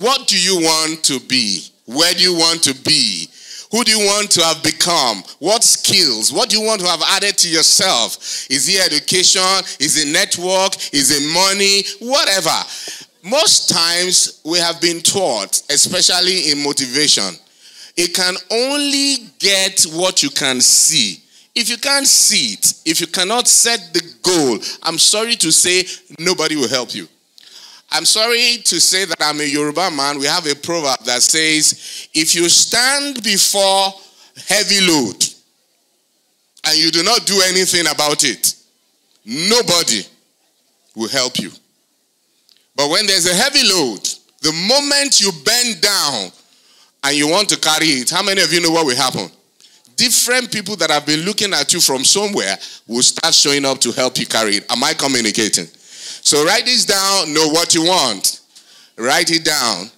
What do you want to be? Where do you want to be? Who do you want to have become? What skills? What do you want to have added to yourself? Is it education? Is it network? Is it money? Whatever. Most times we have been taught, especially in motivation, it can only get what you can see. If you can't see it, if you cannot set the goal, I'm sorry to say nobody will help you. I'm sorry to say that I'm a Yoruba man. We have a proverb that says, if you stand before heavy load and you do not do anything about it, nobody will help you. But when there's a heavy load, the moment you bend down and you want to carry it, how many of you know what will happen? Different people that have been looking at you from somewhere will start showing up to help you carry it. Am I communicating? So write this down, know what you want. Write it down.